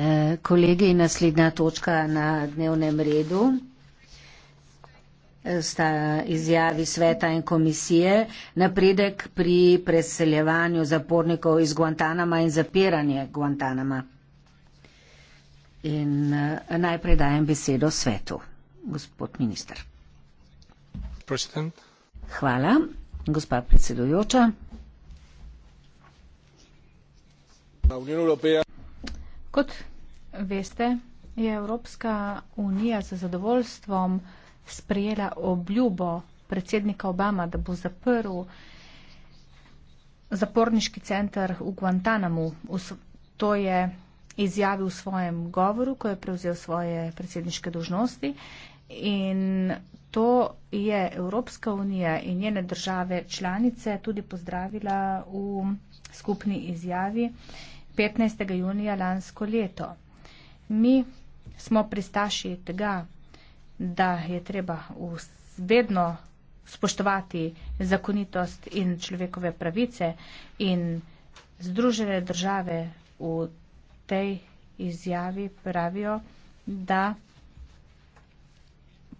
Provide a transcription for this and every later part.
Eh, kolegi, naslednja točka na dnevnem redu eh, sta izjavi sveta in komisije, napredek pri preseljevanju zapornikov iz Guantanama in zapiranje Guantanama. In eh, najprej dajem besedo svetu, gospod minister. President. Hvala, gospa predsedujoča. Kot veste, je Evropska unija z zadovoljstvom sprejela obljubo predsednika Obama, da bo zaprl zaporniški center v Guantanamu. To je izjavil v svojem govoru, ko je prevzel svoje predsedniške dožnosti. In to je Evropska unija in njene države članice tudi pozdravila v skupni izjavi. 15. junija lansko leto. Mi smo pristaši tega, da je treba vedno spoštovati zakonitost in človekove pravice in Združene države v tej izjavi pravijo, da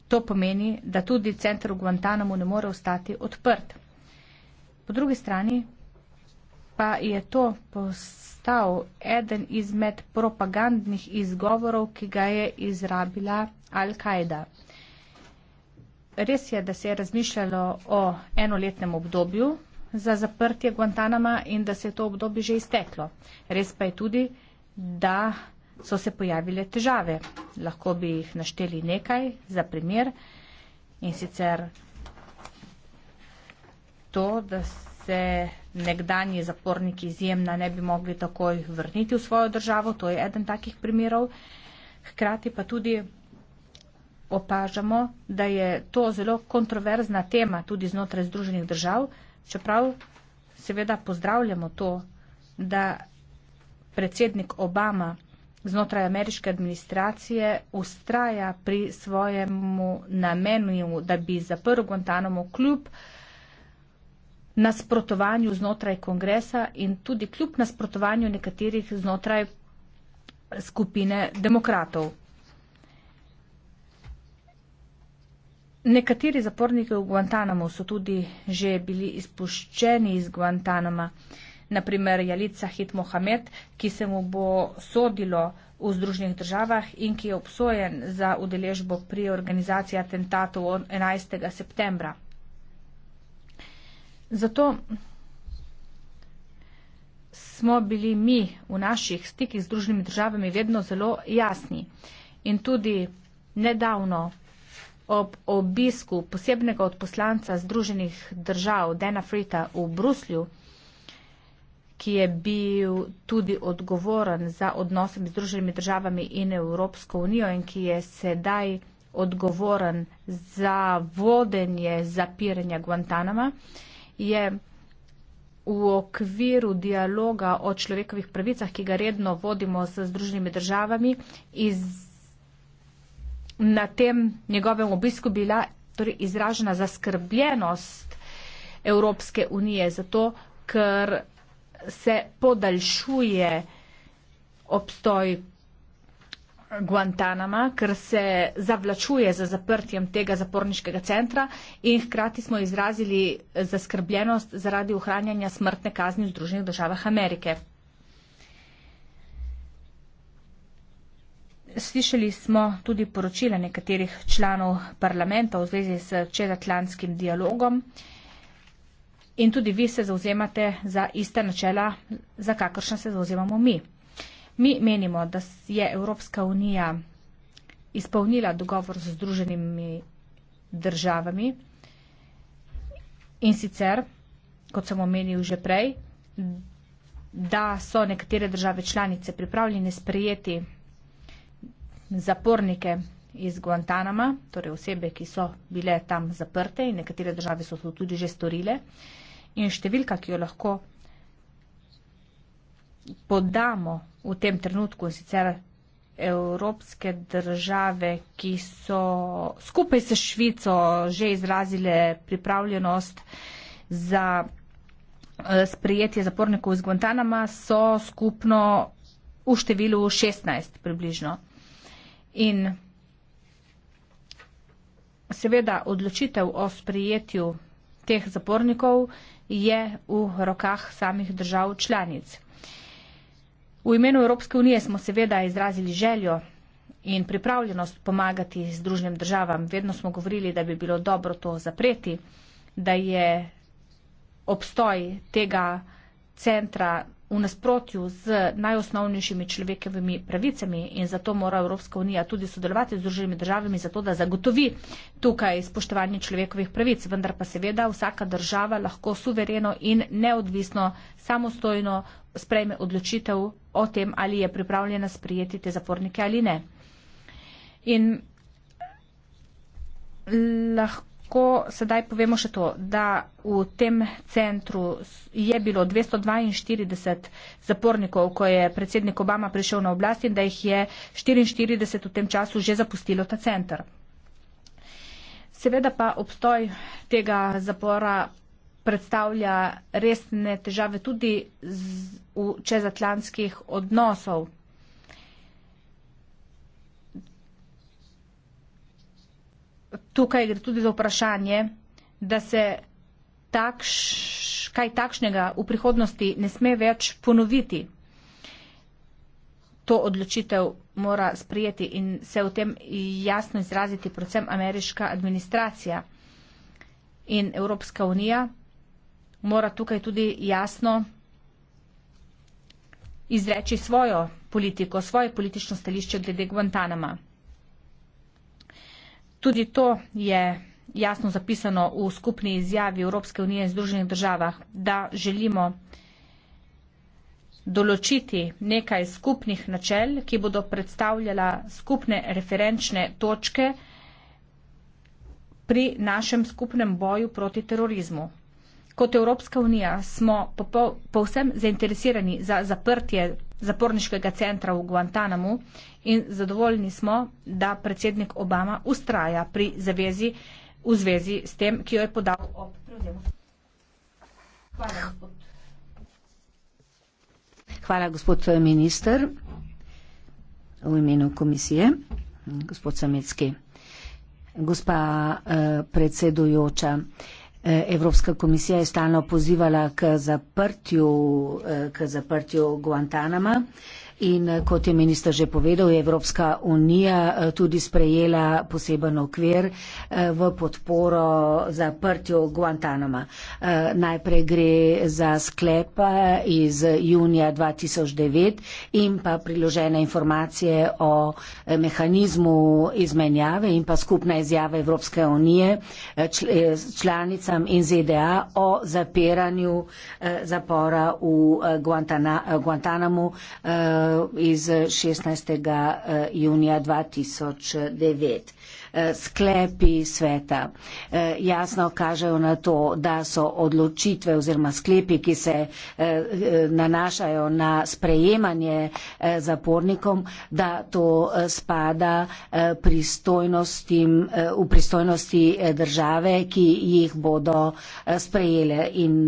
to pomeni, da tudi center v Guantanamo ne more ostati odprt. Po drugi strani pa je to postal eden izmed propagandnih izgovorov, ki ga je izrabila Al-Kaida. Res je, da se je razmišljalo o enoletnem obdobju za zaprtje Guantanama in da se je to obdobje že izteklo. Res pa je tudi, da so se pojavile težave. Lahko bi jih našteli nekaj za primer in sicer to, da se se nekdani zaporniki izjemna ne bi mogli takoj vrniti v svojo državo, to je eden takih primerov. Hkrati pa tudi opažamo, da je to zelo kontroverzna tema tudi znotraj Združenih držav, čeprav seveda pozdravljamo to, da predsednik Obama znotraj ameriške administracije ustraja pri svojemu namenu, da bi zaprl Guantanamo kljub uh, nasprotovanju znotraj kongresa in tudi kljub nasprotovanju nekaterih znotraj skupine demokratov. Nekateri zaporniki v Guantanamo so tudi že bili izpuščeni iz Guantanama, naprimer Jalit Sahid Mohamed, ki se mu bo sodilo v Združenih državah in ki je obsojen za udeležbo pri organizaciji atentatov 11. septembra. Zato smo bili mi v naših stikih z družnimi državami vedno zelo jasni. In tudi nedavno ob obisku posebnega odposlanca Združenih držav Dana Frita v Bruslju, ki je bil tudi odgovoren za odnose med Združenimi državami in Evropsko unijo in ki je sedaj odgovoren za vodenje zapiranja Guantanama je v okviru dialoga o človekovih pravicah, ki ga redno vodimo s Združenimi državami, iz, na tem njegovem obisku bila torej, izražena zaskrbljenost Evropske unije zato, ker se podaljšuje obstoj Guantanama, ker se zavlačuje za zaprtjem tega zaporniškega centra in hkrati smo izrazili zaskrbljenost zaradi ohranjanja smrtne kazni v Združenih državah Amerike. Slišali smo tudi poročila nekaterih članov parlamenta v zvezi s čezatlantskim dialogom in tudi vi se zauzemate za iste načela, za kakršne se zauzemamo mi. Mi menimo, da je Evropska unija izpolnila dogovor z združenimi državami in sicer, kot sem omenil že prej, da so nekatere države članice pripravljene sprejeti zapornike iz Guantanama, torej osebe, ki so bile tam zaprte in nekatere države so to tudi že storile. In številka, ki jo lahko podamo v tem trenutku sicer evropske države, ki so skupaj s Švico že izrazile pripravljenost za eh, sprejetje zapornikov iz Guantanama, so skupno v številu 16 približno. In seveda odločitev o sprejetju teh zapornikov je v rokah samih držav članic. Uh, V imenu Evropske unije smo seveda izrazili željo in pripravljenost pomagati združnim državam. Vedno smo govorili, da bi bilo dobro to zapreti, da je obstoj tega centra v nasprotju z najosnovnejšimi človekovimi pravicami in zato mora Evropska unija tudi sodelovati z druženimi državami, zato da zagotovi tukaj spoštovanje človekovih pravic. Vendar pa seveda vsaka država lahko suvereno in neodvisno, samostojno sprejme odločitev o tem, ali je pripravljena sprijeti te zapornike ali ne. In lahko lahko sedaj povemo še to, da v tem centru je bilo 242 zapornikov, ko je predsednik Obama prišel na oblast in da jih je 44 v tem času že zapustilo ta center. Seveda pa obstoj tega zapora predstavlja resne težave tudi z, v čezatlantskih odnosov. tukaj gre tudi za vprašanje, da se takš, kaj takšnega v prihodnosti ne sme več ponoviti. To odločitev mora sprijeti in se v tem jasno izraziti predvsem ameriška administracija in Evropska unija mora tukaj tudi jasno izreči svojo politiko, svoje politično stališče glede Guantanama. Tudi to je jasno zapisano v skupni izjavi Evropske unije in Združenih državah, da želimo določiti nekaj skupnih načel, ki bodo predstavljala skupne referenčne točke pri našem skupnem boju proti terorizmu. Kot Evropska unija smo povsem zainteresirani za zaprtje zaporniškega centra v Guantanamu in zadovoljni smo, da predsednik Obama ustraja pri zavezi v zvezi s tem, ki jo je podal ob prevzemu. Hvala, gospod eh, minister, v imenu komisije, gospod Samecki. Gospa eh, predsedujoča, eh, Eh, Evropska komisija je stalno pozivala k zaprtju, eh, k zaprtju Guantanama. In eh, kot je minister že povedal, je Evropska unija eh, tudi sprejela poseben okvir eh, v podporo zaprtju Guantanama. Najprej gre za sklepa iz junija 2009 in pa priložene informacije o mehanizmu izmenjave in pa skupna izjava Evropske unije članicam in ZDA o zapiranju zapora v Guantanamu. Guantana iz 16. Eh, junija 2009. Eh, sklepi sveta eh, jasno kažejo na to, da so odločitve oziroma sklepi, ki se nanašajo na sprejemanje zapornikom, da to spada v pristojnosti države, ki jih bodo sprejele. In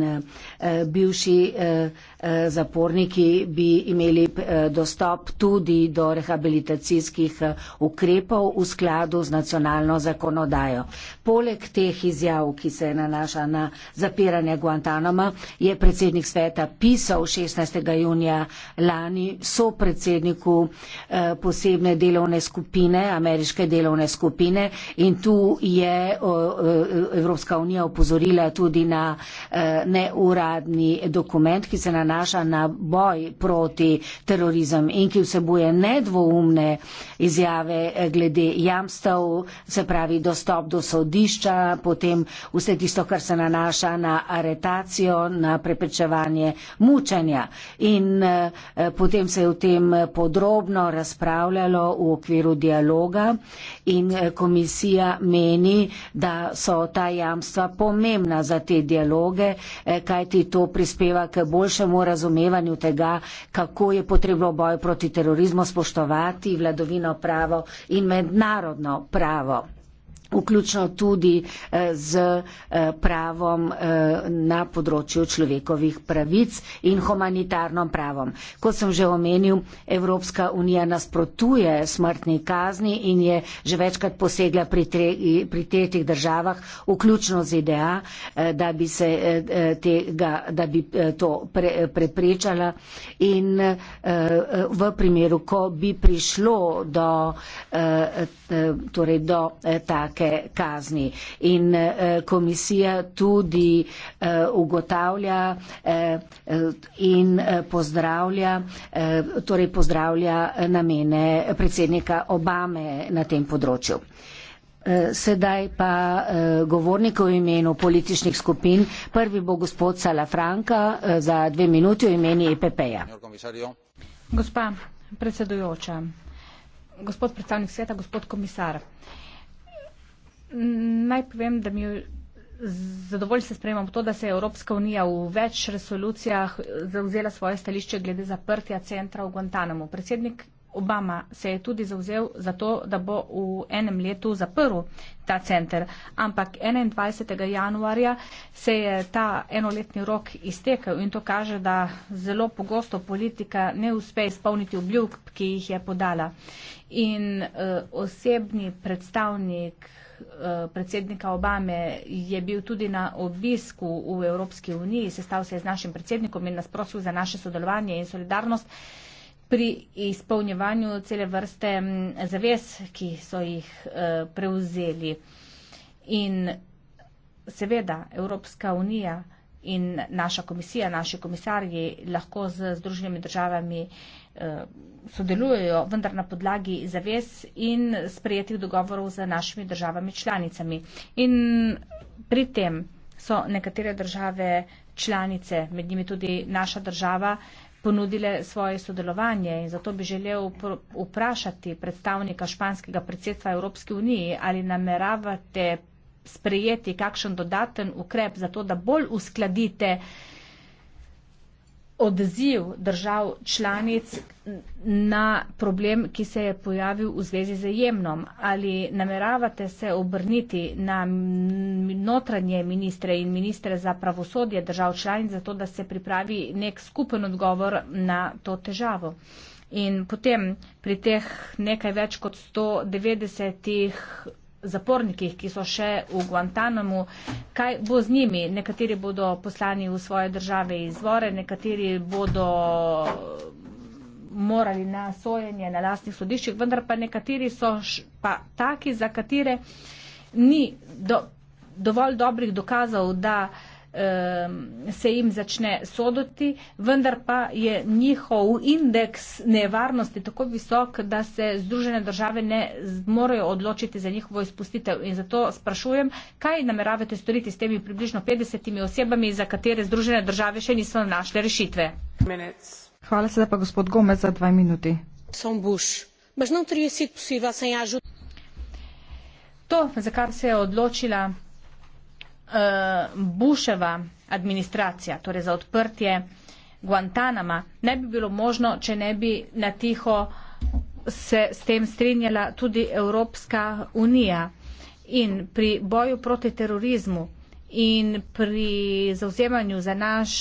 bivši Eh, zaporniki bi imeli eh, dostop tudi do rehabilitacijskih eh, ukrepov v skladu z nacionalno zakonodajo. Poleg teh izjav, ki se nanaša na zapiranje Guantanama, je predsednik sveta pisal 16. junija lani so predsedniku posebne delovne skupine, ameriške delovne skupine in tu je Evropska unija opozorila tudi na neuradni dokument, ki se nanaša nanaša na boj proti terorizem in ki vsebuje nedvoumne izjave eh, glede jamstev, se pravi dostop do sodišča, potem vse tisto, kar se nanaša na aretacijo, na preprečevanje mučenja. In eh, potem se je o tem podrobno razpravljalo v okviru dialoga in eh, komisija meni, da so ta jamstva pomembna za te dialoge, eh, kajti to prispeva k boljšemu razumevanju tega, kako je potrebno boj proti terorizmu spoštovati vladovino pravo in mednarodno pravo vključno tudi eh, z eh, pravom eh, na področju človekovih pravic in humanitarnom pravom. Kot sem že omenil, Evropska unija nasprotuje smrtni kazni in je že večkrat posegla pri, tre, pri tretjih državah, vključno z IDA, da bi, se, tega, da bi to pre, preprečala. In v primeru, ko bi prišlo do, torej do take visoke kazni. In eh, komisija tudi eh, ugotavlja eh, in pozdravlja, torej pozdravlja namene predsednika Obame na tem področju. Sedaj pa govornikov v imenu političnih skupin. Prvi bo gospod Salafranka za dve minuti v imeni EPP-ja. Gospa predsedujoča, gospod predstavnik sveta, gospod komisar. Naj povem, da mi zadovolj se sprejemamo to, da se je Evropska unija v več resolucijah zauzela svoje stališče glede zaprtja centra v Guantanamo. Predsednik Obama se je tudi zauzel za to, da bo v enem letu zaprl ta center. Ampak 21. januarja se je ta enoletni rok iztekel in to kaže, da zelo pogosto politika ne uspe izpolniti obljub, ki jih je podala. In uh, osebni predstavnik uh, Eh, predsednika Obame je bil tudi na obisku v Evropski uniji, sestal se je z našim predsednikom in nas prosil za naše sodelovanje in solidarnost pri izpolnjevanju cele vrste mm, zavez, ki so jih eh, prevzeli. In seveda Evropska unija in naša komisija, naši komisarji lahko z združenimi državami Eh, sodelujejo, vendar na podlagi zavez in sprejetih dogovorov z našimi državami članicami. In pri tem so nekatere države članice, med njimi tudi naša država, ponudile svoje sodelovanje in zato bi želel vprašati predstavnika španskega predsedstva Evropske unije, ali nameravate sprejeti kakšen dodaten ukrep za to, da bolj uskladite uh, odziv držav članic na problem, ki se je pojavil v zvezi z jemnom. Ali nameravate se obrniti na notranje ministre in ministre za pravosodje držav članic, zato da se pripravi nek skupen odgovor na to težavo? In potem pri teh nekaj več kot 190 zapornikih, ki so še v Guantanamu. Kaj bo z njimi? Nekateri bodo poslani v svoje države izvore, nekateri bodo morali na sojenje na lastnih sodiščih, vendar pa nekateri so pa taki, za katere ni do, dovolj dobrih dokazov, da uh, Ehm, se jim začne soditi, vendar pa je njihov indeks nevarnosti tako visok, da se Združene države ne morejo odločiti za njihovo izpustitev. In zato sprašujem, kaj nameravate storiti s temi približno 50 osebami, za katere Združene države še niso našle rešitve. Minutes. Hvala se da pa gospod Gomez za dve minuti. To, za kar se je odločila uh, Buševa administracija, torej za odprtje Guantanama, ne bi bilo možno, če ne bi na tiho se s tem strinjala tudi Evropska unija. In pri boju proti terorizmu in pri zauzemanju za naš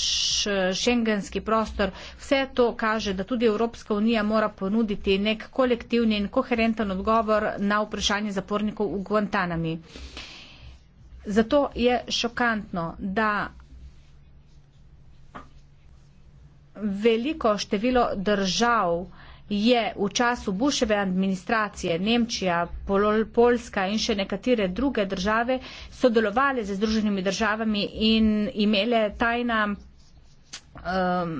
eh, šengenski prostor, vse to kaže, da tudi Evropska unija mora ponuditi nek kolektivni in koherenten odgovor na vprašanje zapornikov v Guantanami. Uh, Zato je šokantno, da veliko število držav je v času Buševe administracije, Nemčija, Pol Polska in še nekatere druge države sodelovali z Združenimi državami in imele tajna um,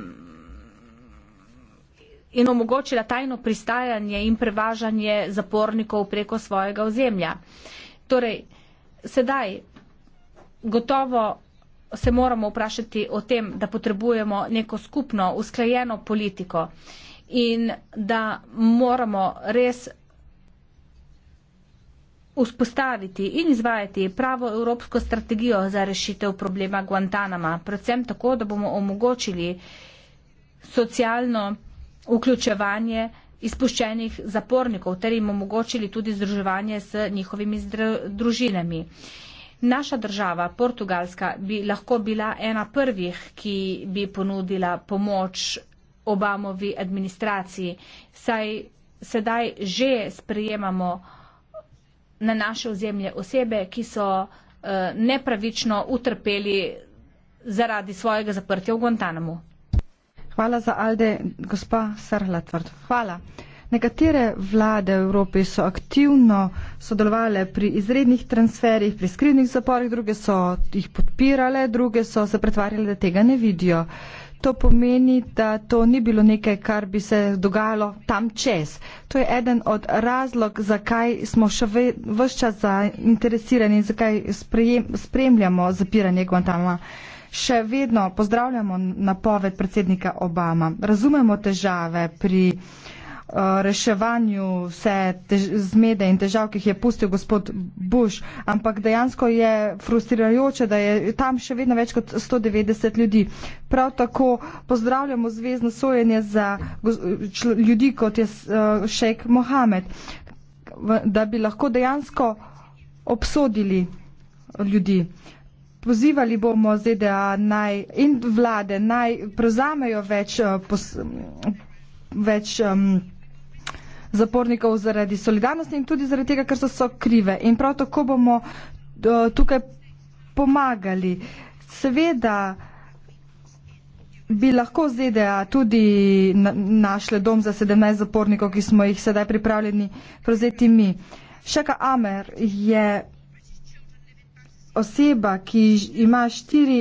in omogočila tajno pristajanje in prevažanje zapornikov preko svojega ozemlja. Torej, sedaj gotovo se moramo vprašati o tem, da potrebujemo neko skupno, usklajeno politiko in da moramo res vzpostaviti in izvajati pravo evropsko strategijo za rešitev problema Guantanama, predvsem tako, da bomo omogočili socialno vključevanje izpuščenih zapornikov ter jim omogočili tudi združevanje s njihovimi družinami. Naša država, Portugalska, bi lahko bila ena prvih, ki bi ponudila pomoč Obamovi administraciji, saj sedaj že sprejemamo na naše ozemlje osebe, ki so eh, nepravično utrpeli zaradi svojega zaprtja v Guantanamu. Hvala za Alde, gospa Srhlatvrt. Hvala. Nekatere vlade v Evropi so aktivno sodelovali pri izrednih transferih, pri skrivnih zaporih, druge so jih podpirale, druge so se pretvarjale, da tega ne vidijo. To pomeni, da to ni bilo nekaj, kar bi se dogajalo tam čez. To je eden od razlog, zakaj smo še vse čas zainteresirani in zakaj spremljamo zapiranje Guantanama. Še vedno pozdravljamo napoved predsednika Obama. Razumemo težave pri Eh, reševanju vse tež, zmede in težav, ki jih je pustil gospod Bush, ampak dejansko je frustrirajoče, da je tam še vedno več kot 190 ljudi. Prav tako pozdravljamo zvezdno sojenje za ljudi kot je šejk eh, Mohamed, da bi lahko dejansko obsodili ljudi. Pozivali bomo ZDA naj, in vlade naj prevzamejo več, eh, pos, več um, zapornikov zaradi solidarnosti in tudi zaradi tega, ker so so krive. In prav tako bomo tukaj pomagali. Seveda bi lahko ZDA tudi našle dom za 17 zapornikov, ki smo jih sedaj pripravljeni prevzeti mi. Šeka Amer je oseba, ki ima štiri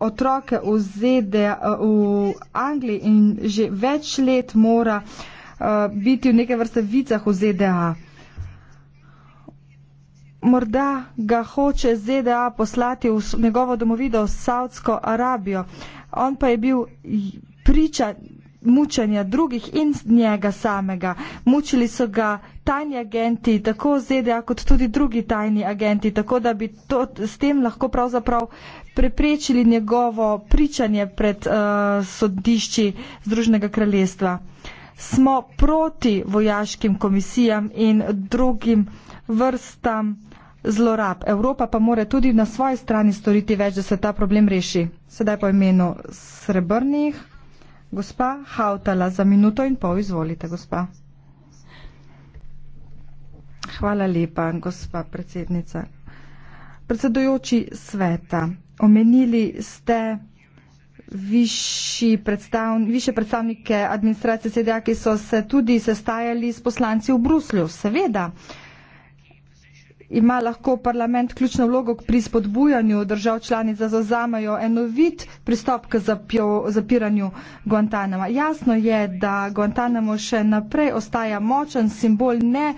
otroke v ZDA v Angliji in že več let mora uh, Eh, biti v neke vrste vicah v ZDA. Morda ga hoče ZDA poslati v njegovo domovido v Saudsko Arabijo. On pa je bil priča mučanja drugih in njega samega. Mučili so ga tajni agenti, tako ZDA kot tudi drugi tajni agenti, tako da bi to, s tem lahko pravzaprav preprečili njegovo pričanje pred uh, sodišči Združenega kraljestva. Uh, smo proti vojaškim komisijam in drugim vrstam zlorab. Evropa pa more tudi na svoji strani storiti več, da se ta problem reši. Sedaj po imenu srebrnih. Gospa Hautala, za minuto in pol izvolite, gospa. Hvala lepa, gospa predsednica. Predsedujoči sveta, omenili ste više predstavnike administracije SDA, ki so se tudi sestajali s poslanci v Bruslju. Seveda ima lahko parlament ključno vlogo pri spodbujanju držav članic, da zazamajo enovit pristop k zapiranju Guantanama. Jasno je, da Guantanamo še naprej ostaja močen simbol ne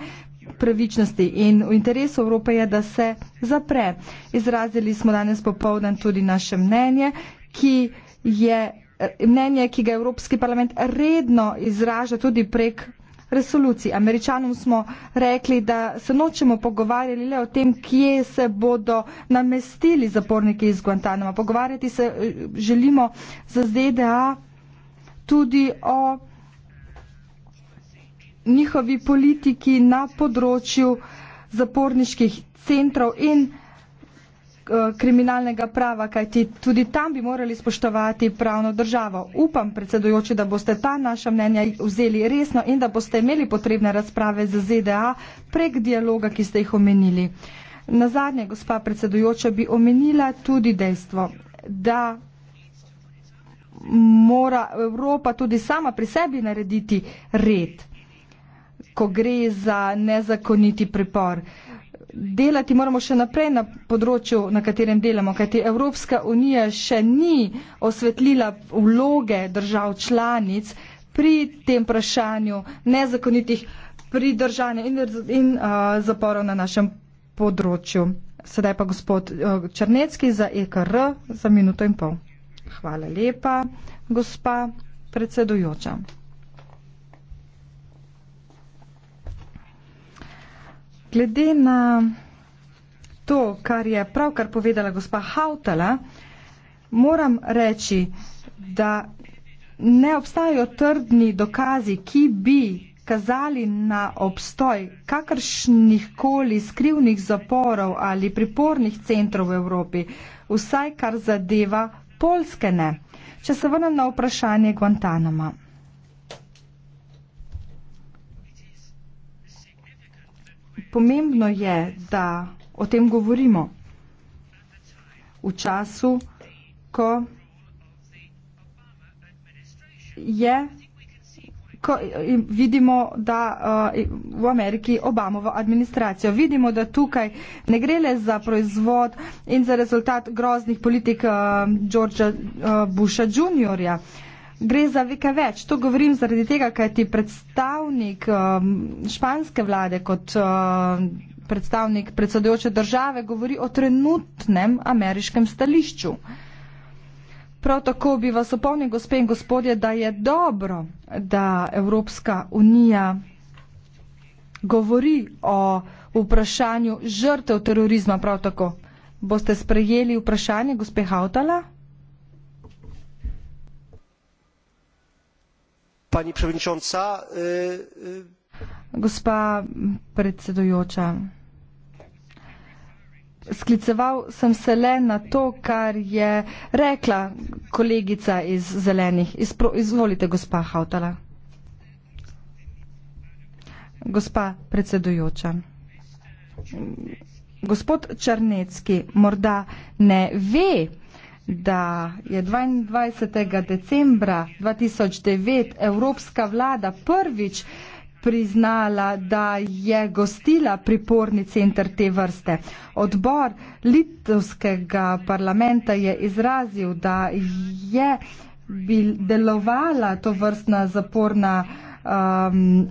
pravičnosti in v interesu Evrope je, da se zapre. Izrazili smo danes popovdan tudi naše mnenje, ki je eh, mnenje, ki ga Evropski parlament redno izraža tudi prek resoluciji. Američanom smo rekli, da se nočemo pogovarjali le o tem, kje se bodo namestili zaporniki iz Guantanama. Pogovarjati se eh, želimo za ZDA tudi o njihovi politiki na področju zaporniških centrov in Eh, kriminalnega prava, kajti tudi tam bi morali spoštovati pravno državo. Upam, predsedujoči, da boste ta naša mnenja vzeli resno in da boste imeli potrebne razprave z ZDA prek dialoga, ki ste jih omenili. Na zadnje, gospa predsedujoča, bi omenila tudi dejstvo, da mora Evropa tudi sama pri sebi narediti red, ko gre za nezakoniti pripor. Uh, delati moramo še naprej na področju, na katerem delamo, kajti Evropska unija še ni osvetlila vloge držav članic pri tem vprašanju nezakonitih pridržanja in, in uh, zaporov na našem področju. Sedaj pa gospod uh, Črnecki za EKR za minuto in pol. Hvala lepa, gospa predsedujoča. glede na to, kar je pravkar povedala gospa Hautala, moram reči, da ne obstajajo trdni dokazi, ki bi kazali na obstoj kakršnih koli skrivnih zaporov ali pripornih centrov v Evropi, vsaj kar zadeva polskene. Če se vrnem na vprašanje Guantanama. pomembno je, da o tem govorimo v času, ko je, ko vidimo, da eh, v Ameriki Obamovo administracijo. Vidimo, da tukaj ne gre le za proizvod in za rezultat groznih politik eh, Georgea eh, Busha juniorja. Gre za veke več. To govorim zaradi tega, kaj ti predstavnik um, španske vlade kot um, predstavnik predsedojoče države govori o trenutnem ameriškem stališču. Prav tako bi vas opomnil, gospe in gospodje, da je dobro, da Evropska unija govori o vprašanju žrtev terorizma. Prav tako boste sprejeli vprašanje gospe Hautala. pani przewodnicząca gospa predsedujoča Skliceval sem se le na to, kar je rekla kolegica iz zelenih. Izpro, izvolite, gospa Hautala. Gospa predsedujoča. Gospod Črnecki morda ne ve, da je 22. decembra 2009 Evropska vlada prvič priznala, da je gostila priporni center te vrste. Odbor Litovskega parlamenta je izrazil, da je delovala to vrstna zaporna um,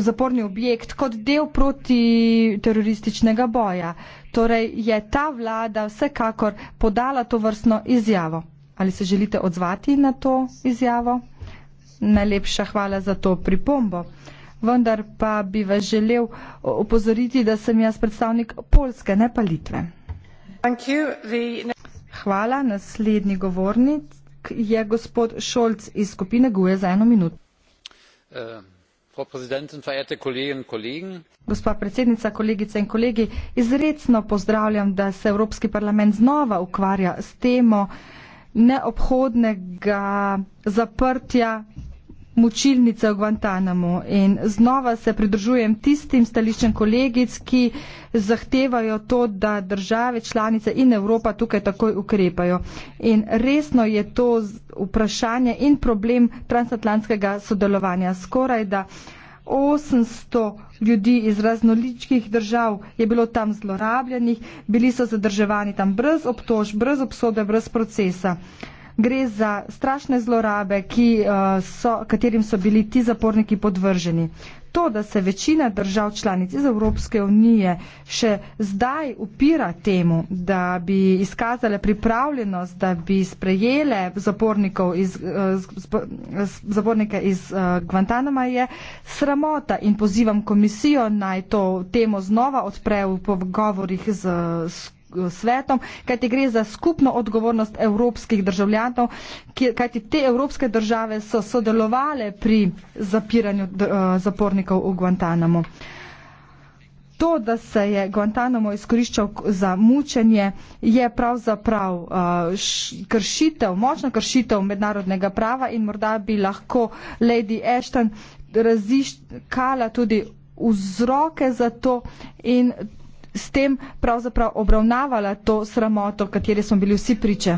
zaporni objekt kot del proti terorističnega boja. Torej je ta vlada vsekakor podala to vrstno izjavo. Ali se želite odzvati na to izjavo? Najlepša hvala za to pripombo. Vendar pa bi vas želel opozoriti, da sem jaz predstavnik Polske, ne pa Litve. Hvala. Naslednji govornik je gospod Šolc iz skupine Guje za eno minuto. Eh, gospa predsednica kolegice in kolegi izredno pozdravljam da se evropski parlament znova ukvarja s temo neobhodnega zaprtja mučilnice v Guantanamo in znova se pridružujem tistim stališčem kolegic, ki zahtevajo to, da države, članice in Evropa tukaj takoj ukrepajo. In resno je to vprašanje in problem transatlantskega sodelovanja. Skoraj da 800 ljudi iz raznoličkih držav je bilo tam zlorabljenih, bili so zadrževani tam brez obtož, brez obsode, brez procesa. Uh, gre za strašne zlorabe, ki, eh, so, katerim so bili ti zaporniki podvrženi. To, da se večina držav članic iz Evropske unije še zdaj upira temu, da bi izkazale pripravljenost, da bi sprejele iz, eh, zapornike iz eh, Guantanama, je sramota in pozivam komisijo naj to temo znova odpre v pogovorih z, s svetom, kajti gre za skupno odgovornost evropskih državljanov, kajti te evropske države so sodelovale pri zapiranju eh, zapornikov v Guantanamo. To, da se je Guantanamo izkoriščal za mučenje, je pravzaprav eh, kršitev, močna kršitev mednarodnega prava in morda bi lahko Lady Ashton raziskala tudi vzroke za to in s tem pravzaprav obravnavala to sramoto, kateri smo bili vsi priče.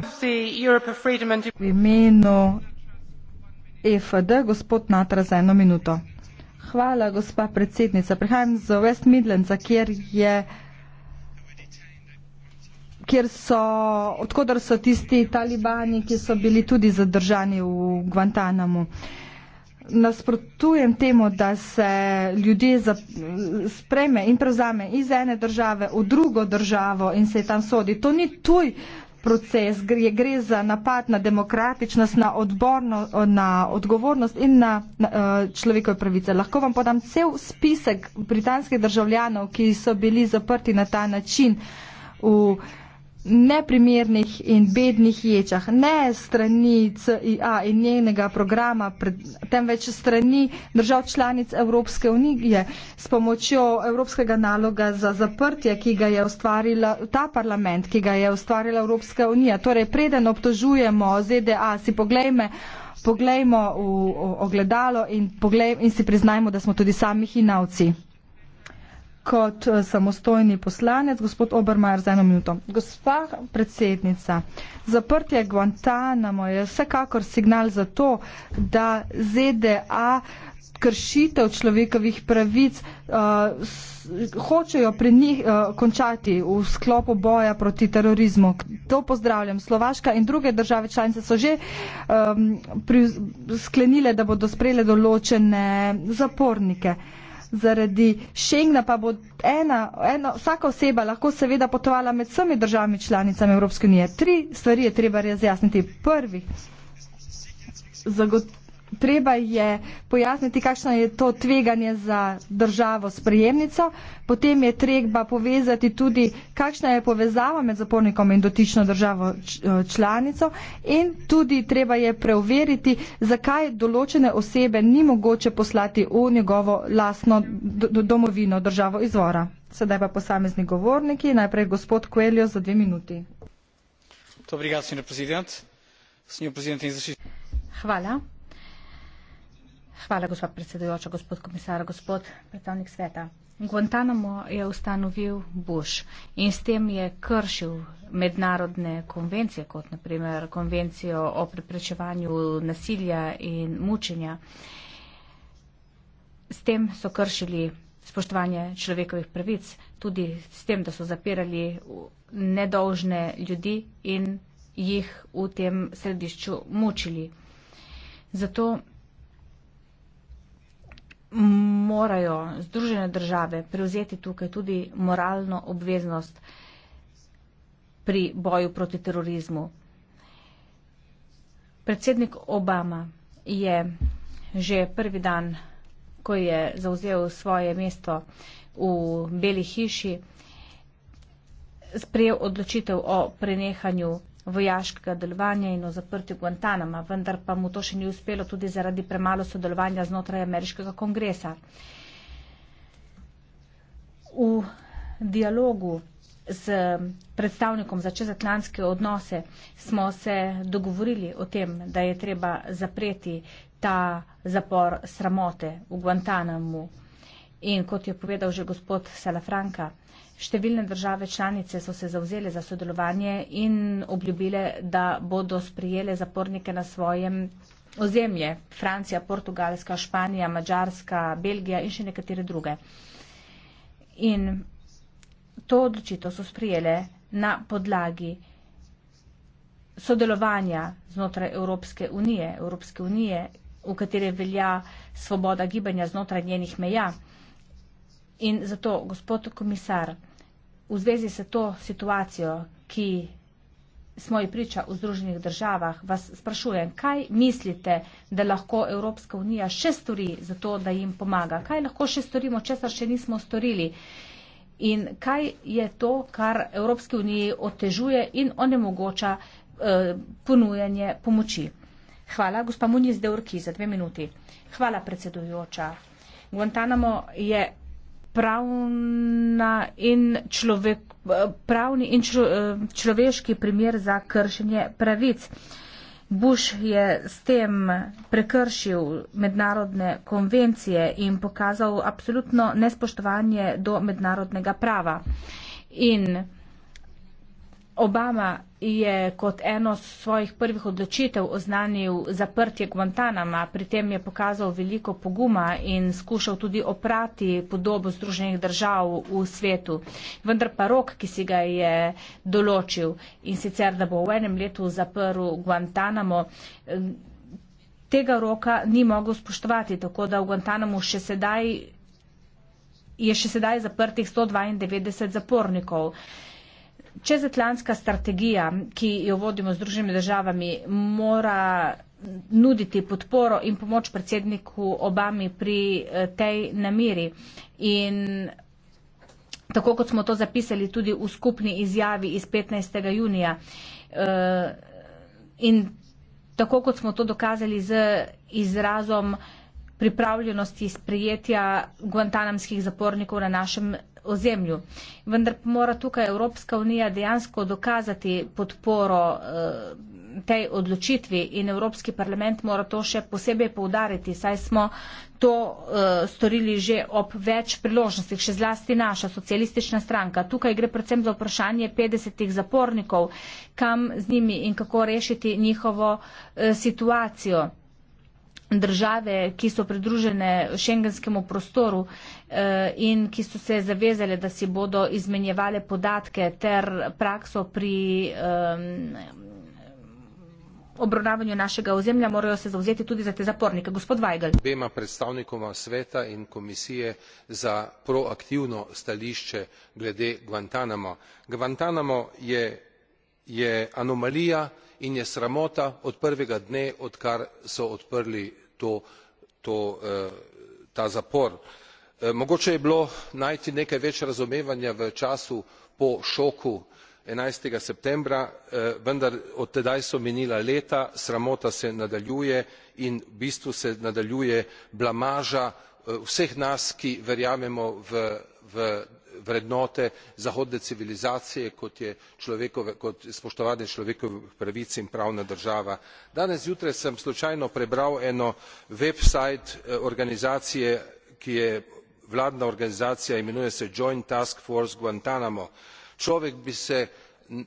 V imenu EFD, gospod Natra, za eno minuto. Hvala, gospa predsednica. Prihajam z West Midlands, kjer je kjer so, odkudar so tisti talibani, ki so bili tudi zadržani v Guantanamu. Uh, nasprotujem temu, da se ljudje spreme in prevzame iz ene države v drugo državo in se tam sodi. To ni tuj proces, gre, gre za napad na demokratičnost, na, odborno, na odgovornost in na, na eh, človekove pravice. Lahko vam podam cel spisek britanskih državljanov, ki so bili zaprti na ta način v neprimernih in bednih ječah, ne strani CIA in njenega programa, temveč strani držav članic Evropske unije s pomočjo Evropskega naloga za zaprtje, ki ga je ustvarila ta parlament, ki ga je ustvarila Evropska unija. Torej, preden obtožujemo ZDA, si poglejme. Poglejmo v ogledalo in, poglej, in si priznajmo, da smo tudi sami hinavci kot eh, samostojni poslanec. Gospod Obermajer, za eno minuto. Gospa predsednica, zaprtje Guantanamo je vsekakor signal za to, da ZDA kršitev človekovih pravic uh, hočejo pri njih uh, končati v sklopu boja proti terorizmu. To pozdravljam. Slovaška in druge države članice so že um, pri, sklenile, da bodo sprejele določene zapornike. Uh, zaradi Schengna pa bo ena, ena, vsaka oseba lahko seveda potovala med vsemi državami članicami Evropske unije. Tri stvari je treba razjasniti. Prvi, zagotovo treba je pojasniti, kakšno je to tveganje za državo sprejemnico, potem je treba povezati tudi, kakšna je povezava med zapornikom in dotično državo eh, članico in tudi treba je preveriti, zakaj določene osebe ni mogoče poslati v njegovo lastno domovino, državo izvora. Sedaj pa posamezni govorniki, najprej gospod Kueljo za dve minuti. Dobrigad, Hvala. Hvala, gospod predsedujoča, gospod komisar, gospod predstavnik sveta. Guantanamo je ustanovil Bush in s tem je kršil mednarodne konvencije, kot naprimer konvencijo o preprečevanju nasilja in mučenja. S tem so kršili spoštovanje človekovih pravic, tudi s tem, da so zapirali nedolžne ljudi in jih v tem središču mučili. Zato morajo Združene države prevzeti tukaj tudi moralno obveznost pri boju proti terorizmu. Predsednik Obama je že prvi dan, ko je zauzel svoje mesto v Beli hiši, sprejel odločitev o prenehanju vojaškega delovanja in o zaprtju Guantanama, vendar pa mu to še ni uspelo tudi zaradi premalo sodelovanja znotraj ameriškega kongresa. V dialogu z predstavnikom za čezatlantske odnose smo se dogovorili o tem, da je treba zapreti ta zapor sramote v Guantanamu. In kot je povedal že gospod Salafranka, Številne države članice so se zauzele za sodelovanje in obljubile, da bodo sprijele zapornike na svojem ozemlje. Francija, Portugalska, Španija, Mačarska, Belgija in še nekatere druge. In to odločitev so sprijele na podlagi sodelovanja znotraj Evropske unije, Evropske unije, v kateri velja svoboda gibanja znotraj njenih meja. In zato, gospod komisar, v zvezi s to situacijo, ki smo ji priča v Združenih državah, vas sprašujem, kaj mislite, da lahko Evropska unija še stori za to, da jim pomaga? Kaj lahko še storimo, česar še nismo storili? In kaj je to, kar Evropske unije otežuje in onemogoča eh, ponujanje pomoči? Hvala, gospa Muniz Deurki, za dve minuti. Hvala, predsedujoča. Guantanamo je pravna in človek, pravni in člo, eh, človeški primer za kršenje pravic. Bush je s tem prekršil mednarodne konvencije in pokazal absolutno nespoštovanje do mednarodnega prava. In Obama je kot eno svojih prvih odločitev oznanil zaprtje Guantanama, pri tem je pokazal veliko poguma in skušal tudi oprati podobo Združenih držav v svetu. Vendar pa rok, ki si ga je določil in sicer, da bo v enem letu zaprl Guantanamo, tega roka ni mogel spoštovati, tako da v Guantanamo še sedaj je še sedaj zaprtih 192 zapornikov čezatlantska strategija, ki jo vodimo z družbenimi državami, mora nuditi podporo in pomoč predsedniku Obami pri eh, tej namiri. In tako kot smo to zapisali tudi v skupni izjavi iz 15. junija. Eh, in tako kot smo to dokazali z izrazom pripravljenosti sprejetja guantanamskih zapornikov na našem ozemlju. Vendar pa mora tukaj Evropska unija dejansko dokazati podporo eh, tej odločitvi in Evropski parlament mora to še posebej poudariti, saj smo to eh, storili že ob več priložnostih, še zlasti naša socialistična stranka. Tukaj gre predvsem za vprašanje 50 zapornikov, kam z njimi in kako rešiti njihovo eh, situacijo države, ki so pridružene šengenskemu prostoru eh, in ki so se zavezali, da si bodo izmenjevali podatke ter prakso pri obravnavanju našega ozemlja, morajo se zavzeti tudi za te zapornike. Gospod Vajgl. Obema predstavnikoma sveta in komisije za proaktivno stališče glede Guantanamo. Guantanamo je, je anomalija, in je sramota od prvega dne odkar so odprli eh, ta zapor. Eh, mogoče je bilo najti nekaj več razumevanja v času po šoku enajst septembra eh, vendar od tedaj so minila leta sramota se nadaljuje in v bistvu se nadaljuje blamaža vseh nas ki verjamemo v vrednote zahodne civilizacije kot je spoštovanje človekovih pravic in pravna država. danes zjutraj sem slučajno prebral eno web stran eh, organizacije ki je vladna organizacija imenuje se joint task force guantanamo človek bi se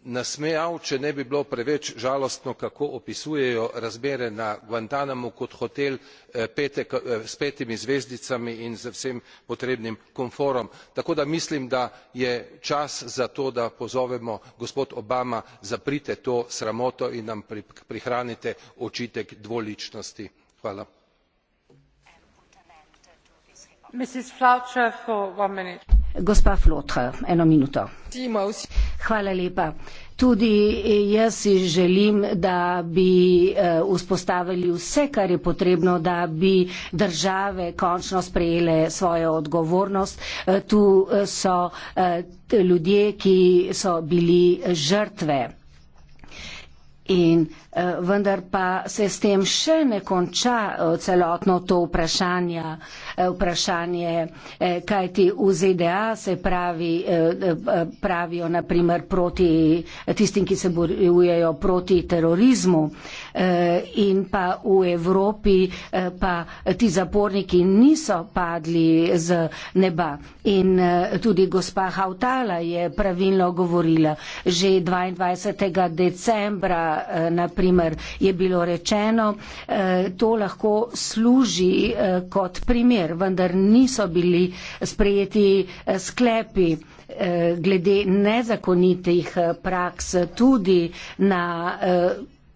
nasmejal če ne bi bilo preveč žalostno kako opisujejo razmere na guantnamu kot hotel eh, eh, s petimi zvezdicami in z vsem potrebnim komforjem tako da mislim da je čas za to da pozovemo gospod obama zaprite to sramoto in nam prihranite očitek dvoličnosti. Gospa Flotra, eno minuto. Hvala lepa. Tudi jaz si želim, da bi eh, vzpostavili vse, kar je potrebno, da bi države končno sprejele svojo odgovornost. Eh, tu eh, so ljudje, ki so bili žrtve. In eh, vendar pa se s tem še ne konča eh, celotno to vprašanje, eh, vprašanje eh, kaj ti v ZDA se pravi, eh, eh pravijo naprimer proti eh, tistim, ki se borijo proti terorizmu. Eh, Eh, in pa v Evropi eh, pa ti zaporniki niso padli z neba. In eh, tudi gospa Hautala je pravilno govorila. Že 22. decembra, naprimer, je bilo rečeno, to lahko služi kot primer, vendar niso bili sprejeti sklepi glede nezakonitih praks tudi na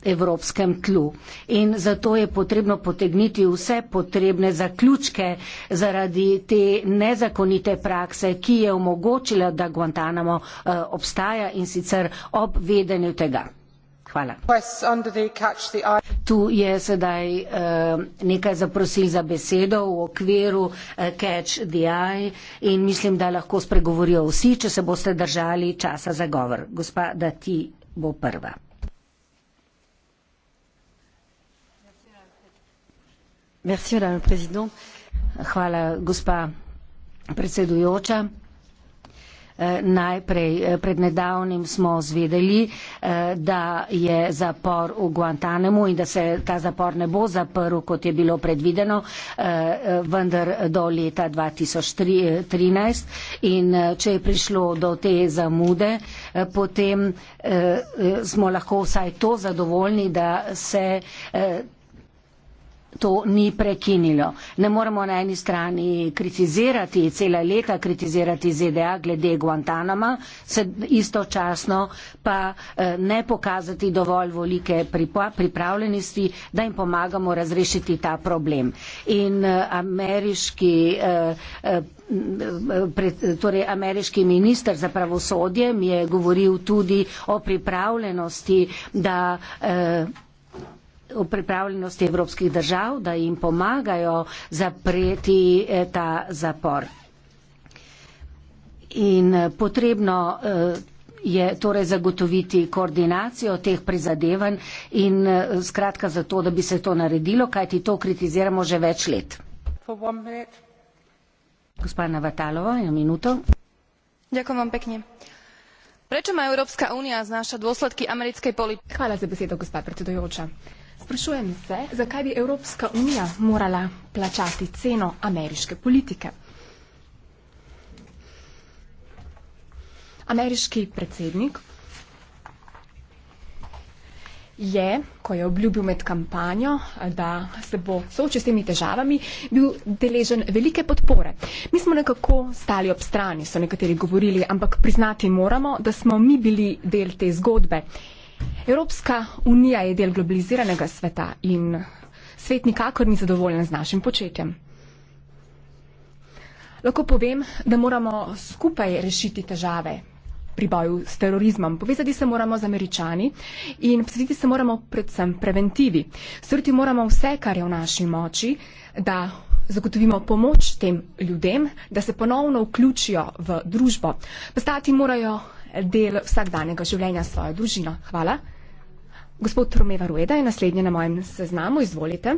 evropskem tlu. In zato je potrebno potegniti vse potrebne zaključke zaradi te nezakonite prakse, ki je omogočila, da Guantanamo eh, obstaja in sicer ob vedenju tega. Hvala. Tu je sedaj uh, nekaj zaprosil za besedo v okviru uh, Catch the Eye in mislim, da lahko spregovorijo vsi, če se boste držali časa za govor. Gospa, da ti bo prva. madame la présidente hvala gospa predsedujoča eh, najprej eh, pred nedavnim smo zvedeli eh, da je zapor v Guantanamu in da se ta zapor ne bo zaprl kot je bilo predvideno vendar do leta 2013 in če je prišlo do te zamude potem smo lahko vsaj to zadovoljni da se to ni prekinilo. Ne moremo na eni strani kritizirati, cela leta kritizirati ZDA glede Guantanama, se istočasno pa eh, ne pokazati dovolj velike pripravljenosti, da jim pomagamo razrešiti ta problem. In eh, ameriški eh, torej ameriški minister za pravosodje mi je govoril tudi o pripravljenosti, da o pripravljenosti evropskih držav, da jim pomagajo zapreti eh, ta zapor. In eh, potrebno eh, je torej zagotoviti koordinacijo teh prizadevanj in skratka za to, da bi se to naredilo, kajti to kritiziramo že več let. Gospa Navatalova, eno minuto. Ďakujem vám pekne. Prečo má Európska únia znášať dôsledky americkej politiky? Hvala za besedo, gospa predsedujúča. Sprašujem se, zakaj bi Evropska unija morala plačati ceno ameriške politike? Ameriški predsednik je, ko je obljubil med kampanjo, da se bo soočil s temi težavami, bil deležen velike podpore. Mi smo nekako stali ob strani, so nekateri govorili, ampak priznati moramo, da smo mi bili del te zgodbe. Evropska unija je del globaliziranega sveta in svet nikakor ni zadovoljen z našim početjem. Lahko povem, da moramo skupaj rešiti težave pri boju s terorizmom. Povezati se moramo z američani in posvetiti se moramo predvsem preventivi. Storiti moramo vse, kar je v naši moči, da zagotovimo pomoč tem ljudem, da se ponovno vključijo v družbo. Postati morajo del vsakdanjega življenja s svojo družino. Hvala. Gospod Romeva Rueda je naslednji na mojem seznamu, izvolite.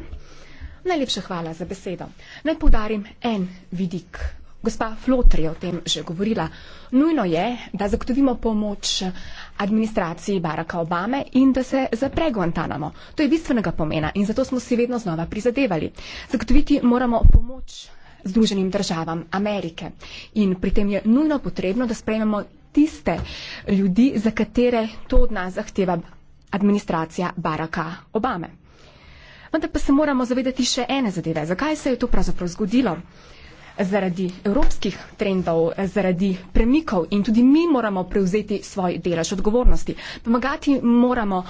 Najlepša hvala za besedo. Naj poudarim en vidik. Gospa Flotri je o tem že govorila. Nujno je, da zagotovimo pomoč administraciji Baracka Obame in da se zapre Guantanamo. To je bistvenega pomena in zato smo si vedno znova prizadevali. Zagotoviti moramo pomoč Združenim državam Amerike. In pri tem je nujno potrebno, da sprejmemo tiste ljudi, za katere to od nas zahteva administracija Baracka Obame. Vendar pa se moramo zavedati še ene zadeve. Zakaj se je to pravzaprav zgodilo? zaradi evropskih trendov, zaradi premikov in tudi mi moramo prevzeti svoj delež odgovornosti. Pomagati moramo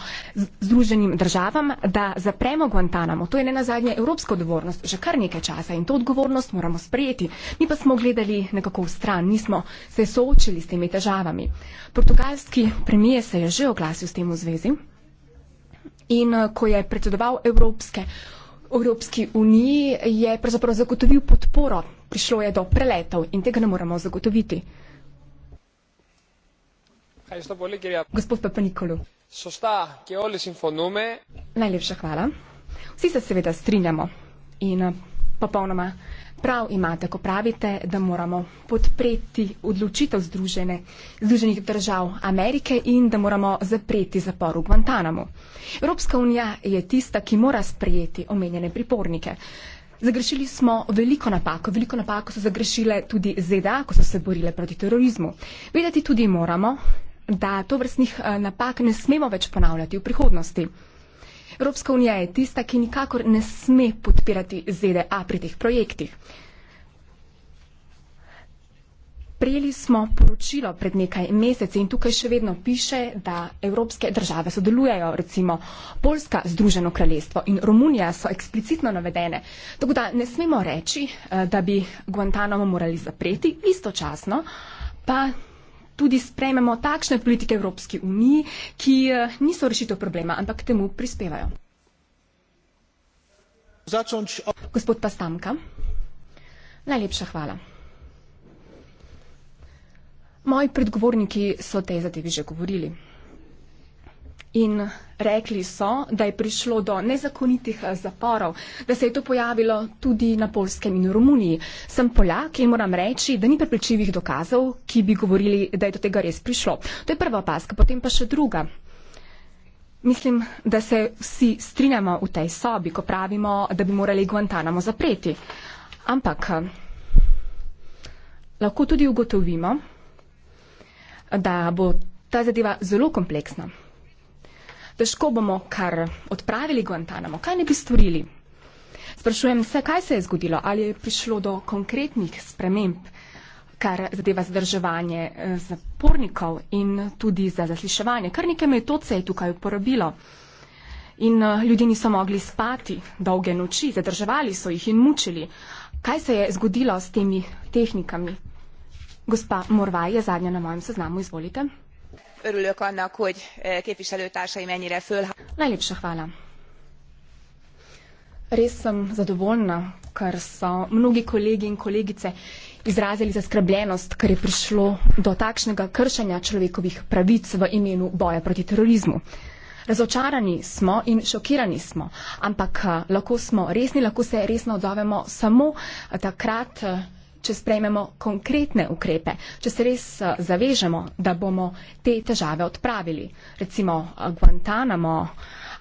združenim državam, da zapremo Guantanamo. To je ne nazadnje evropska odgovornost, že kar nekaj časa in to odgovornost moramo sprejeti. Mi pa smo gledali nekako v stran, nismo se soočili s temi težavami. Portugalski premije se je že oglasil s tem v zvezi in ko je predsedoval Evropske, Evropski uniji, je pravzaprav zagotovil podporo prišlo je do preletov in tega ne moramo zagotoviti. Gospod Papa Nikolu. Najlepša hvala. Vsi se seveda strinjamo in eh, popolnoma prav imate, ko pravite, da moramo podpreti odločitev Združene, Združenih držav Amerike in da moramo zapreti zapor v Guantanamo. Evropska unija je tista, ki mora sprejeti omenjene pripornike. Zagrešili smo veliko napako, veliko napako so zagrešile tudi ZDA, ko so se borile proti terorizmu. Vedeti tudi moramo, da to vrstnih eh, napak ne smemo več ponavljati v prihodnosti. Evropska unija je tista, ki nikakor ne sme podpirati ZDA pri teh projektih. Prejeli smo poročilo pred nekaj meseci in tukaj še vedno piše, da evropske države sodelujejo, recimo Poljska, Združeno kraljestvo in Romunija so eksplicitno navedene. Tako da ne smemo reči, eh, da bi Guantanamo morali zapreti, istočasno pa tudi sprememo takšne politike Evropske unije, ki eh, niso rešitev problema, ampak k temu prispevajo. Gospod Pastamka, najlepša hvala. Moji predgovorniki so tej zadevi že govorili. In rekli so, da je prišlo do nezakonitih eh, zaporov, da se je to pojavilo tudi na Polskem in v Romuniji. Sem Poljak in moram reči, da ni prepričljivih dokazov, ki bi govorili, da je do tega res prišlo. To je prva opaska, potem pa še druga. Mislim, da se vsi strinjamo v tej sobi, ko pravimo, da bi morali Guantanamo zapreti. Ampak eh, lahko tudi ugotovimo, da bo ta zadeva zelo kompleksna. Težko bomo kar odpravili Guantanamo, kaj ne bi storili. Sprašujem se, kaj se je zgodilo, ali je prišlo do konkretnih sprememb, kar zadeva zdrževanje eh, zapornikov in tudi za zasliševanje. Kar nekaj metod se je tukaj uporabilo. In eh, ljudje niso mogli spati dolge noči, zadrževali so jih in mučili. Kaj se je zgodilo s temi tehnikami, Gospa Morvai je zadnja na mojem seznamu, izvolite. Örülök annak, hogy eh, képviselőtársai mennyire föl... Najlepša hvala. Res sem zadovoljna, kar so mnogi kolegi in kolegice izrazili zaskrbljenost, kar je prišlo do takšnega kršenja človekovih pravic v imenu boja proti terorizmu. Razočarani smo in šokirani smo, ampak eh, lahko smo resni, lahko se resno odzovemo samo takrat, eh, če sprejmemo konkretne ukrepe, če se res eh, zavežemo, da bomo te težave odpravili, recimo eh, Guantanamo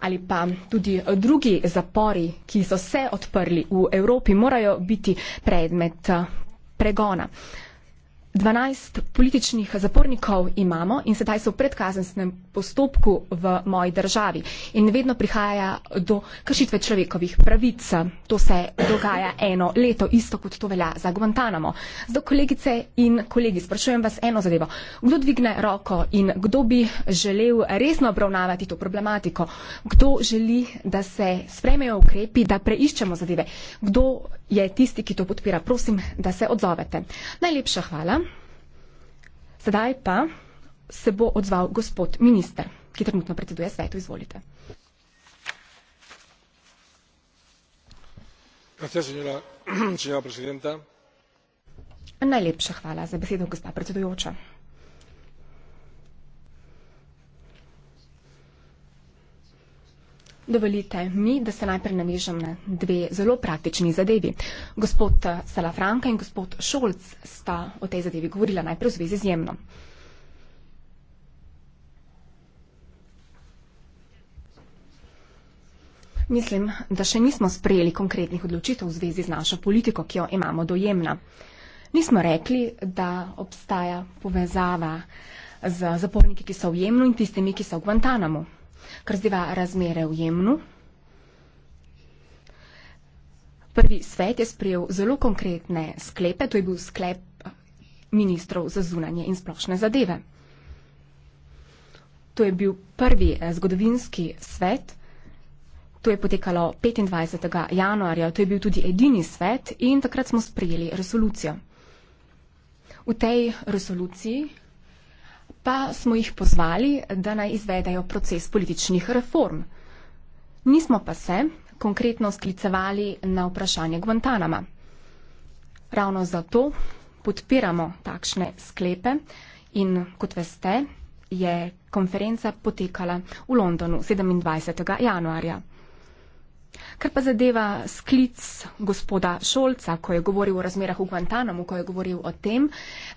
ali pa tudi eh, drugi zapori, ki so se odprli v Evropi, morajo biti predmet pregona. 12 političnih zapornikov imamo in sedaj so v predkazenskem postopku v moji državi. In vedno prihaja do kršitve človekovih pravic. To se dogaja eno leto, isto kot to velja za Guantanamo. Zdaj, kolegice in kolegi, sprašujem vas eno zadevo. Kdo dvigne roko in kdo bi želel resno obravnavati to problematiko? Kdo želi, da se spremejo ukrepi, da preiščemo zadeve? Kdo je tisti, ki to podpira? Prosim, da se odzovete. Najlepša hvala. Hvala. Sedaj pa se bo odzval gospod minister, ki trenutno predseduje svetu. Izvolite. Najlepša hvala za besedo, gospa predsedujoča. Dovolite mi, da se najprej navežem na dve zelo praktični zadevi. Gospod Salafranka in gospod Šolc sta o tej zadevi govorila najprej v zvezi z jemno. Mislim, da še nismo sprejeli konkretnih odločitev v zvezi z našo politiko, ki jo imamo dojemna. Nismo rekli, da obstaja povezava z zaporniki, ki so v Jemnu in tistimi, ki so v Guantanamo. Kar zdiva razmere v Jemnu. Prvi svet je sprejel zelo konkretne sklepe, to je bil sklep ministrov za zunanje in splošne zadeve. To je bil prvi eh, zgodovinski svet, to je potekalo 25. januarja, to je bil tudi edini svet in takrat smo sprejeli resolucijo. V tej resoluciji pa smo jih pozvali, da naj izvedajo proces političnih reform. Nismo pa se konkretno sklicevali na vprašanje Guantanama. Ravno zato podpiramo takšne sklepe in kot veste, je konferenca potekala v Londonu 27. januarja. Kar pa zadeva sklic gospoda Šolca, ko je govoril o razmerah v Guantanamu, ko je govoril o tem,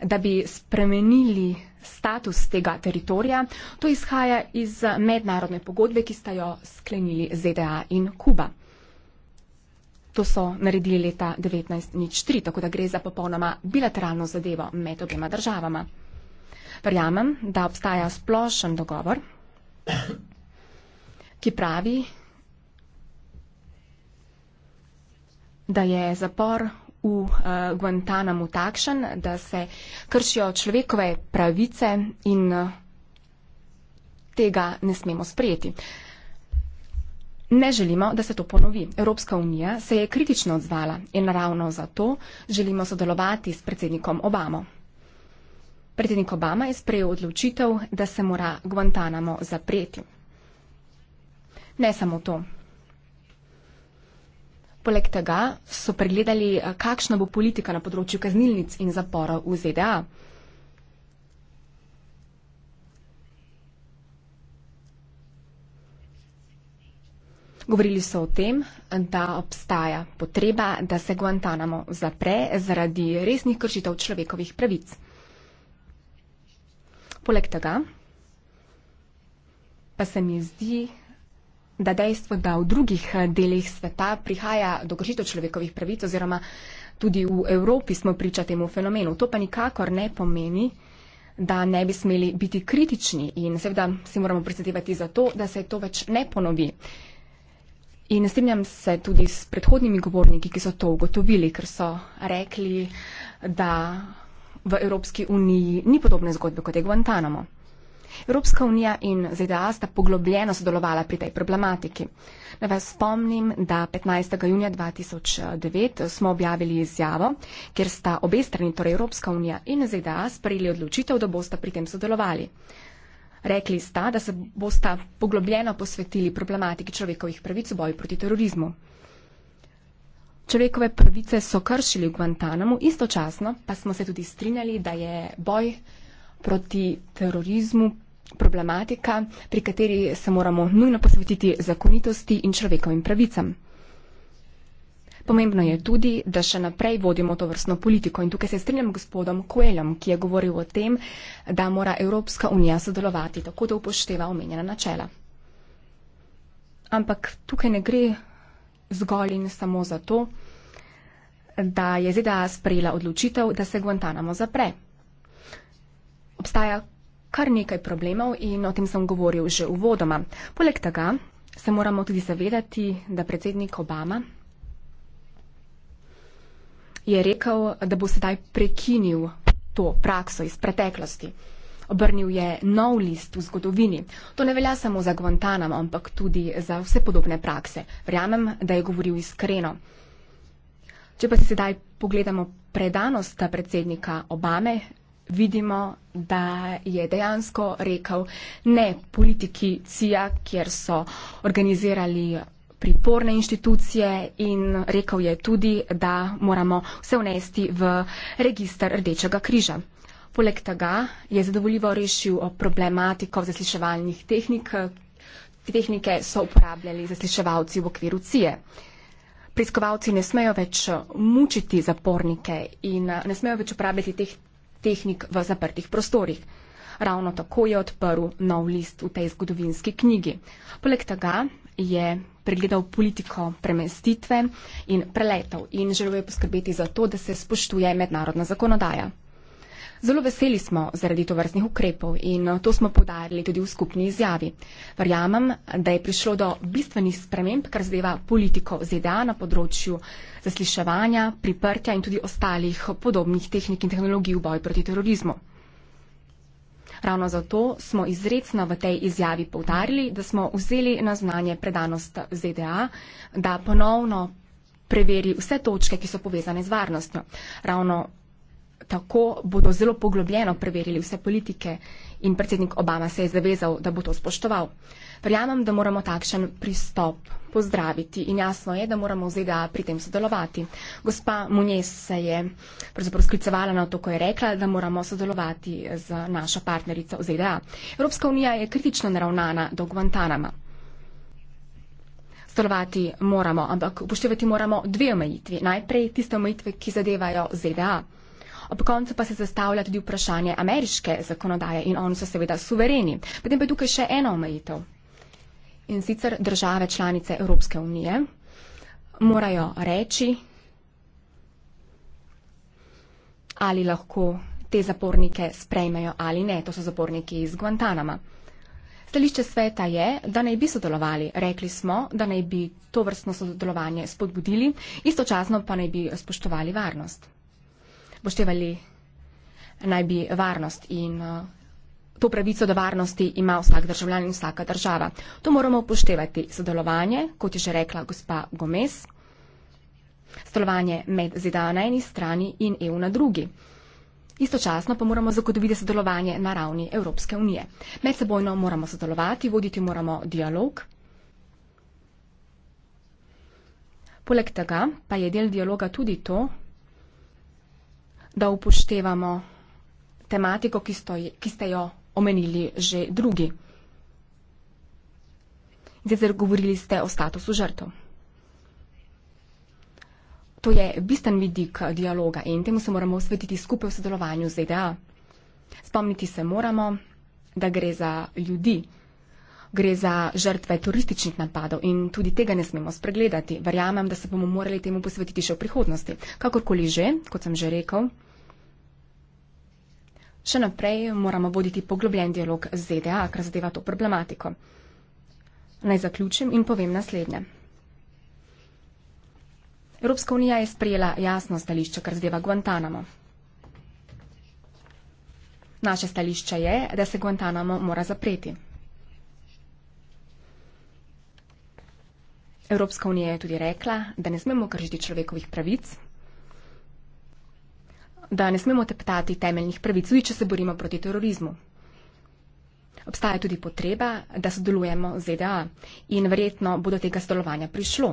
da bi spremenili status tega teritorija, to izhaja iz mednarodne pogodbe, ki sta jo sklenili ZDA in Kuba. To so naredili leta 1903, tako da gre za popolnoma bilateralno zadevo med obema državama. Verjamem, da obstaja splošen dogovor, ki pravi, da je zapor v eh, Guantanamu takšen, da se kršijo človekove pravice in eh, tega ne smemo sprejeti. Ne želimo, da se to ponovi. Evropska unija se je kritično odzvala in ravno zato želimo sodelovati s predsednikom Obamo. Predsednik Obama je sprejel odločitev, da se mora Guantanamo zapreti. Ne samo to. Poleg tega so pregledali, eh, kakšna bo politika na področju kaznilnic in zapora v ZDA. Govorili so o tem, da obstaja potreba, da se Guantanamo zapre zaradi resnih kršitev človekovih pravic. Poleg tega pa se mi zdi, da dejstvo, da v drugih eh, delih sveta prihaja do kršitev človekovih pravic oziroma tudi v Evropi smo priča temu fenomenu. To pa nikakor ne pomeni, da ne bi smeli biti kritični in seveda si moramo prizadevati za to, da se to več ne ponovi. In strinjam se tudi s predhodnimi govorniki, ki so to ugotovili, ker so rekli, da v Evropski uniji ni podobne zgodbe kot je Guantanamo. Evropska unija in ZDA sta poglobljeno sodelovala pri tej problematiki. Ne vas spomnim, da 15. junija 2009 smo objavili izjavo, kjer sta obe strani, torej Evropska unija in ZDA, sprejeli odločitev, da boste pri tem sodelovali. Rekli sta, da se boste poglobljeno posvetili problematiki človekovih pravic v boju proti terorizmu. Človekove pravice so kršili v Guantanamu, istočasno pa smo se tudi strinjali, da je boj proti terorizmu problematika, pri kateri se moramo nujno posvetiti zakonitosti in človekovim pravicam. Pomembno je tudi, da še naprej vodimo to vrstno politiko in tukaj se strinjam gospodom Koelom, ki je govoril o tem, da mora Evropska unija sodelovati, tako da upošteva omenjena načela. Ampak tukaj ne gre zgolj in samo za to, da je ZDA sprejela odločitev, da se Guantanamo zapre obstaja kar nekaj problemov in o tem sem govoril že uvodoma. Poleg tega se moramo tudi zavedati, da predsednik Obama je rekel, da bo sedaj prekinil to prakso iz preteklosti. Obrnil je nov list v zgodovini. To ne velja samo za Guantanamo, ampak tudi za vse podobne prakse. Verjamem, da je govoril iskreno. Če pa si sedaj pogledamo predanost predsednika Obame vidimo, da je dejansko rekel ne politiki CIA, kjer so organizirali priporne inštitucije in rekel je tudi, da moramo vse vnesti v registr Rdečega križa. Poleg tega je zadovoljivo rešil problematiko zasliševalnih tehnik, tehnike so uporabljali zasliševalci v okviru CIA. Preiskovalci ne smejo več mučiti zapornike in ne smejo več uporabljati teh tehnik v zaprtih prostorih. Ravno tako je odprl nov list v tej zgodovinski knjigi. Poleg tega je pregledal politiko premestitve in preletov in želel je poskrbeti za to, da se spoštuje mednarodna zakonodaja. Zelo veseli smo zaradi tovrstnih ukrepov in eh, to smo podarili tudi v skupni izjavi. Verjamem, da je prišlo do bistvenih sprememb, kar zadeva politiko ZDA na področju zasliševanja, priprtja in tudi ostalih podobnih tehnik in tehnologij v boju proti terorizmu. Ravno zato smo izredno v tej izjavi povdarili, da smo vzeli na znanje predanost ZDA, da ponovno preveri vse točke, ki so povezane z varnostjo. Ravno tako bodo zelo poglobljeno preverili vse politike in predsednik Obama se je zavezal, da bo to spoštoval. Verjamem, da moramo takšen pristop pozdraviti in jasno je, da moramo v ZDA pri tem sodelovati. Gospa Munjes se je pravzaprav sklicevala na to, ko je rekla, da moramo sodelovati z našo partnerico v ZDA. Evropska unija je kritično naravnana do Guantanama. Sodelovati moramo, ampak upoštevati moramo dve omejitvi. Najprej tiste omejitve, ki zadevajo ZDA. Ob koncu pa se zastavlja tudi vprašanje ameriške zakonodaje in oni so seveda suvereni. Potem pa je tukaj še ena omejitev. In sicer države članice Evropske unije morajo reči, ali lahko te zapornike sprejmejo ali ne. To so zaporniki iz Guantanama. Stališče sveta je, da naj bi sodelovali. Rekli smo, da naj bi to vrstno sodelovanje spodbudili, istočasno pa naj bi spoštovali varnost upoštevali naj bi varnost in eh, to pravico do varnosti ima vsak državljan in vsaka država. To moramo upoštevati. Sodelovanje, kot je že rekla gospa Gomez, sodelovanje med ZDA na eni strani in EU na drugi. Istočasno pa moramo zagotoviti sodelovanje na ravni Evropske unije. Med sebojno moramo sodelovati, voditi moramo dialog. Poleg tega pa je del dialoga tudi to, da upoštevamo tematiko, ki, stoj, ki ste jo omenili že drugi. Zdaj, govorili ste o statusu žrtev. To je bistven vidik dialoga in temu se moramo osvetiti skupaj v sodelovanju z ZDA. Spomniti se moramo, da gre za ljudi, gre za žrtve turističnih napadov in tudi tega ne smemo spregledati. Verjamem, da se bomo morali temu posvetiti še v prihodnosti. Kakorkoli že, kot sem že rekel, še naprej moramo voditi poglobljen dialog z ZDA, kar zadeva to problematiko. Naj zaključim in povem naslednje. Evropska unija je sprejela jasno stališče, kar zadeva Guantanamo. Naše stališče je, da se Guantanamo mora zapreti. Evropska unija je tudi rekla, da ne smemo kršiti človekovih pravic da ne smemo teptati temeljnih pravic, tudi če se borimo proti terorizmu. Obstaja tudi potreba, da sodelujemo z ZDA in verjetno bo do tega sodelovanja prišlo.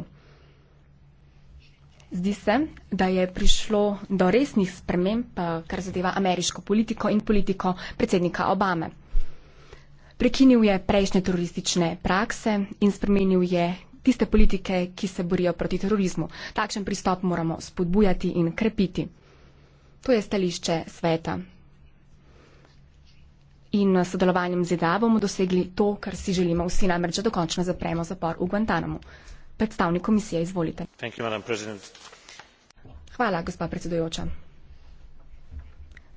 Zdi se, da je prišlo do resnih sprememb, kar zadeva ameriško politiko in politiko predsednika Obame. Prekinil je prejšnje teroristične prakse in spremenil je tiste politike, ki se borijo proti terorizmu. Takšen pristop moramo spodbujati in krepiti. To je stališče sveta. In s sodelovanjem z ZDA bomo dosegli to, kar si želimo vsi, namreč, da dokončno zapremo zapor v Guantanamo. Predstavnik komisije, izvolite. You, Hvala, gospa predsedujoča.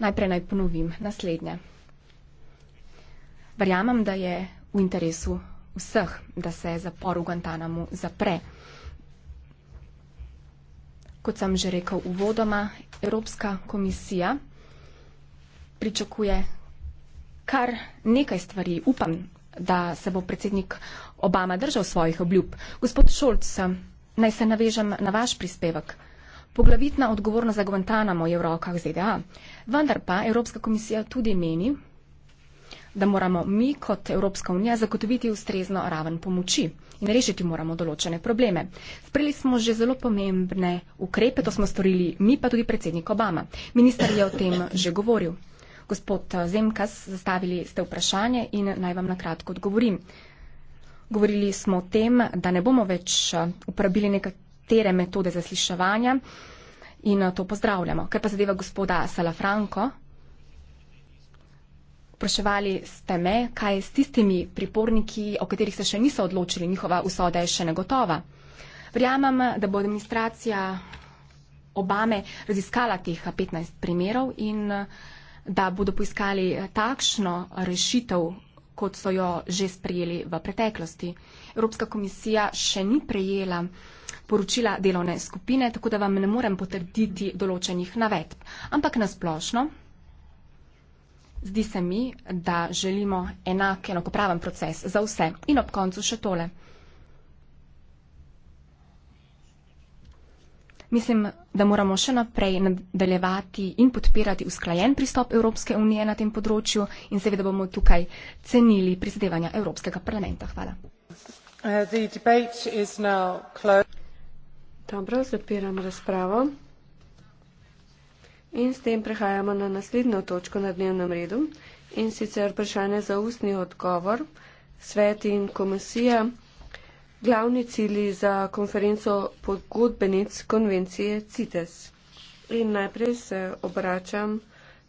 Najprej naj ponovim naslednje. Verjamem, da je v interesu vseh, da se zapor v Guantanamo zapre. Kot sem že rekel uvodoma, Evropska komisija pričakuje kar nekaj stvari. Upam, da se bo predsednik Obama držal svojih obljub. Gospod Šolc, naj se navežem na vaš prispevek. Poglavitna odgovornost za Guantanamo je v rokah ZDA. Vendar pa Evropska komisija tudi meni, da moramo mi kot Evropska unija zagotoviti ustrezno raven pomoči in rešiti moramo določene probleme. Sprejeli smo že zelo pomembne ukrepe, to smo storili mi, pa tudi predsednik Obama. Ministar je o tem že govoril. Gospod eh, Zemkas, zastavili ste vprašanje in naj vam nakratko odgovorim. Govorili smo o tem, da ne bomo več eh, uporabili nekatere metode zasliševanja in eh, to pozdravljamo. Kar pa zadeva gospoda Salafranko, Spraševali ste me, kaj je s tistimi priporniki, o katerih se še niso odločili, njihova usoda je še negotova. Verjamem, da bo administracija Obame raziskala teh 15 primerov in da bodo poiskali takšno rešitev, kot so jo že sprejeli v preteklosti. Evropska komisija še ni prejela poročila delovne skupine, tako da vam ne morem potrditi določenih navedb. Ampak nasplošno. Zdi se mi, da želimo enak, enakopraven proces za vse. In ob koncu še tole. Mislim, da moramo še naprej nadaljevati in podpirati usklajen pristop Evropske unije na tem področju in seveda bomo tukaj cenili prizadevanja Evropskega parlamenta. Hvala. Uh, Dobro, zapiram razpravo. In s tem prehajamo na naslednjo točko na dnevnem redu in sicer vprašanje za ustni odgovor. Svet in komisija, glavni cili za konferenco podgodbenic konvencije CITES. In najprej se obračam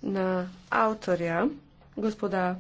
na avtorja, gospoda